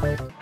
Bye.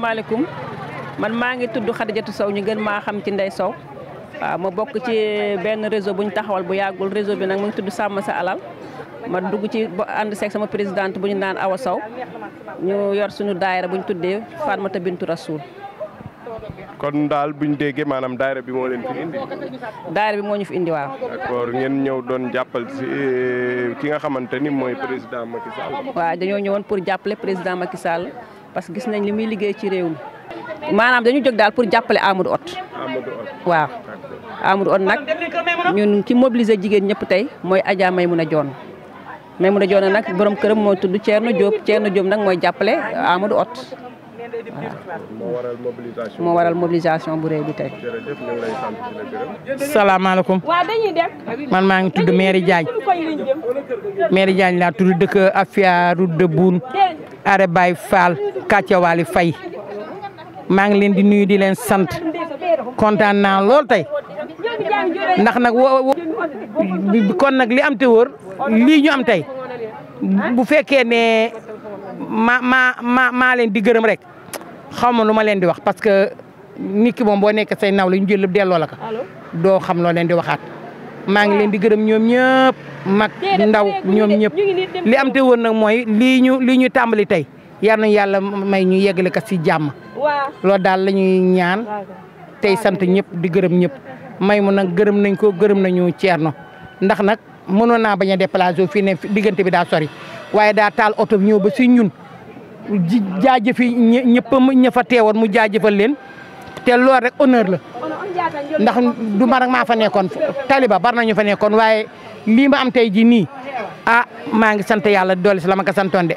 Assalamualaikum. man ma ngi tuddu Khadijatou saw ñu gën ma xam ci saw ah, ma bok ci ben réseau buñ taxawal bu yagul réseau bi nak mu ngi tuddu sa alal ma dugg ci and sek sama présidente buñ nane Awa saw ñu yor suñu daaira buñ tuddé Fatmata Bintu Rasoul. kon dal buñ déggé manam daaira bi mo leen fi indi. daaira bi mo ñu fi indi waaw. d'accord ngeen ñew doon jappal si eh, ki nga xamanteni ni président Macky Sall. waaw dañu ñewon pour jappalé président Macky parce que gis nañ li muy liggéey ci réew maanaam dañu jóg daal pour jàppale Amadou ot waaw Amadou Hott nag ñun ki mobilise jigéen ñëpp tey mooy Adja Maimouna Dione Maimouna Dione nag borom këram mooy tudd Thierno Diop na Diop nag mooy jàppale Amadou Hott moo waral mobilisation bu réew bi tey salaamaaleykum man maa ngi tudd Mary Diagne Mary Diagne laa tudd dëkk Afia route de Boune Kathia Waly Faye maa ngi leen di nuyu di leen sant kontaan naa lool tey ndax nag wo kon nag li am te wóor lii ñu am tey bu fekkee ne ma ma ma maa leen di gërëm rek xaw ma lu ma leen di wax parce que nit ki moom boo nekk say naw la ñu jël lépp delloo la ko doo xam loo leen di waxaat maa ngi leen di gërëm ñoom ñëpp mag ndaw ñoom ñëpp li am te wóor nag mooy lii ñu lii tey yar nañu yàlla may ñu yeggale ko si jàmm loolu daal lañuy ñuy ñaan tey sant ñëpp di gërëm ñëpp may mu nag gërëm nañ ko gërëm nañu Thierno ndax nag mënoon naa bañ a déplacé fii ne diggante bi daa sori waaye daal taal oto bi ñëw ba si ñun ji jaajëfi ñëpp ña fa teewoon mu jaajëfal leen te loolu rek honneur la ndax du ma maa fa nekkoon taliba bar nañu fa nekkoon waaye lii ma am tey ji nii ah maa ngi sant yàlla doole si la ma ko santoon de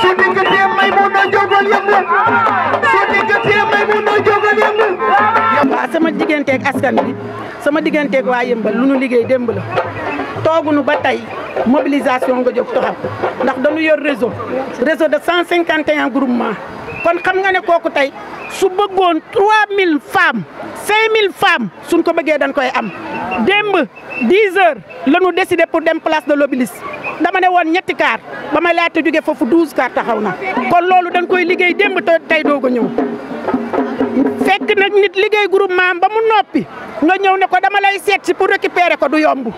su diggante Maymuna jógal yëngu su diggante Maymuna jógal yëngu waaw sama digganteeg askan bi sama digganteeg waa yëmbal lu nu liggéey démb la toogunu ba tey mobilisation nga jóg taxaw ndax dañu yor réseau réseau de 151 groupement kon xam nga ne kooku tey su bëggoon 3000 femmes 5000 femmes suñ ko bëggee dañ koy am démb 10 heures la ñu décidé pour dem place de l'Obélisque dama ne woon ñetti kaar ba may laata jóge foofu douze kaar taxaw na kon loolu dañ koy liggéey démb te tey doog a ñëw fekk nag nit liggéey groupement ba mu noppi nga ñëw ne ko dama lay seet si pour récupérer ko du yomb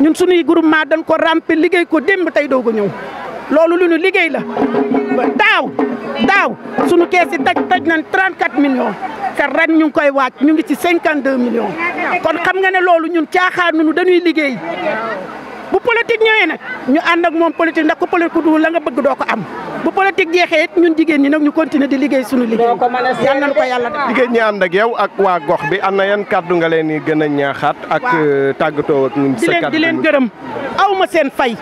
ñun suñuy groupement dañ ko rampe liggéey ko démb tey doog a ñëw loolu lu ñu liggéey la daaw daaw suñu kees yi taj taj nañ 34 millions te ren ñu koy wàcc ñu ngi ci 52 millions kon xam nga ne loolu ñun caaxaanuñu dañuy liggéey bu politique ñëwee nag ñu ànd ak moom politique ndax ku politique du la nga bëgg doo ko am bu politique jeexee ñun jigéen ñi nag ñu continuer di liggéey suñu liggéey yal nañu ko yàlla def. jigéen ñi ànd ak yow ak waa gox bi am na yan kàddu nga leen di gën a ñaaxaat. ak euh, tàggatoo ak ñun. sa kàddu di leen di leen gërëm aw ma seen fay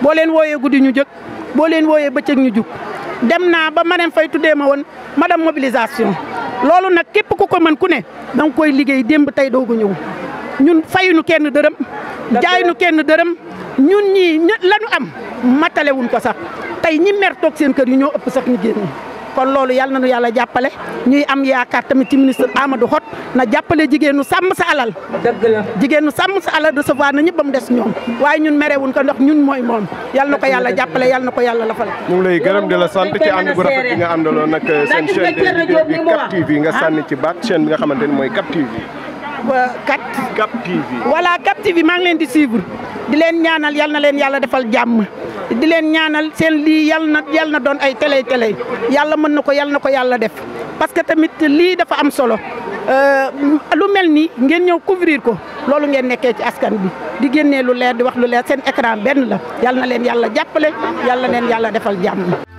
boo leen wooyee guddi ñu jóg boo leen wooyee ba bëccëg ñu jóg dem naa ba madame Faye tuddee ma woon madame mobilisation loolu nag képp ku ko mën ku ne dan koy liggéey démb tey doogu ñëw ñun fayuñu kenn dërëm jaay nu kenn deureum ñun ñi lañu am matalé wuñ ko sax tay ñi mer tok seen kër yu ñoo upp sax ñu génn kon loolu yalla nañu yalla jappalé ñuy am yaakaar tamit ci ministre Amadou hot na jappalé jigéenu sam sa alal. deug la jigéenu sam sa alal recevoir na ñëpp ba mu ñoom waye ñun méré wuñ ko ndax ñun moy mom yalla nako yalla jappalé yalla nako yalla lafal. ñu lay gërëm di la sante ci and bu rafet bi nga àndaloon nak seen chaîne de bi Cap TV nga sanni ci baat chaîne bi nga xamanteni moy mooy Cap TV. Cap Cap TV. voilà Cap TV maa ngi leen di suivre di leen ñaanal yal na leen yàlla defal jàmm di leen ñaanal seen lii yal na yal na doon ay télé télé yàlla mën na ko yal na ko yàlla def parce que tamit lii dafa am solo euh, lu mel nii ngeen ñëw couvrir ko loolu ngeen nekkee ci askan bi di génnee lu leer di wax lu leer seen écran benn la yal na leen yàlla jàppale yal na leen yàlla defal jàmm.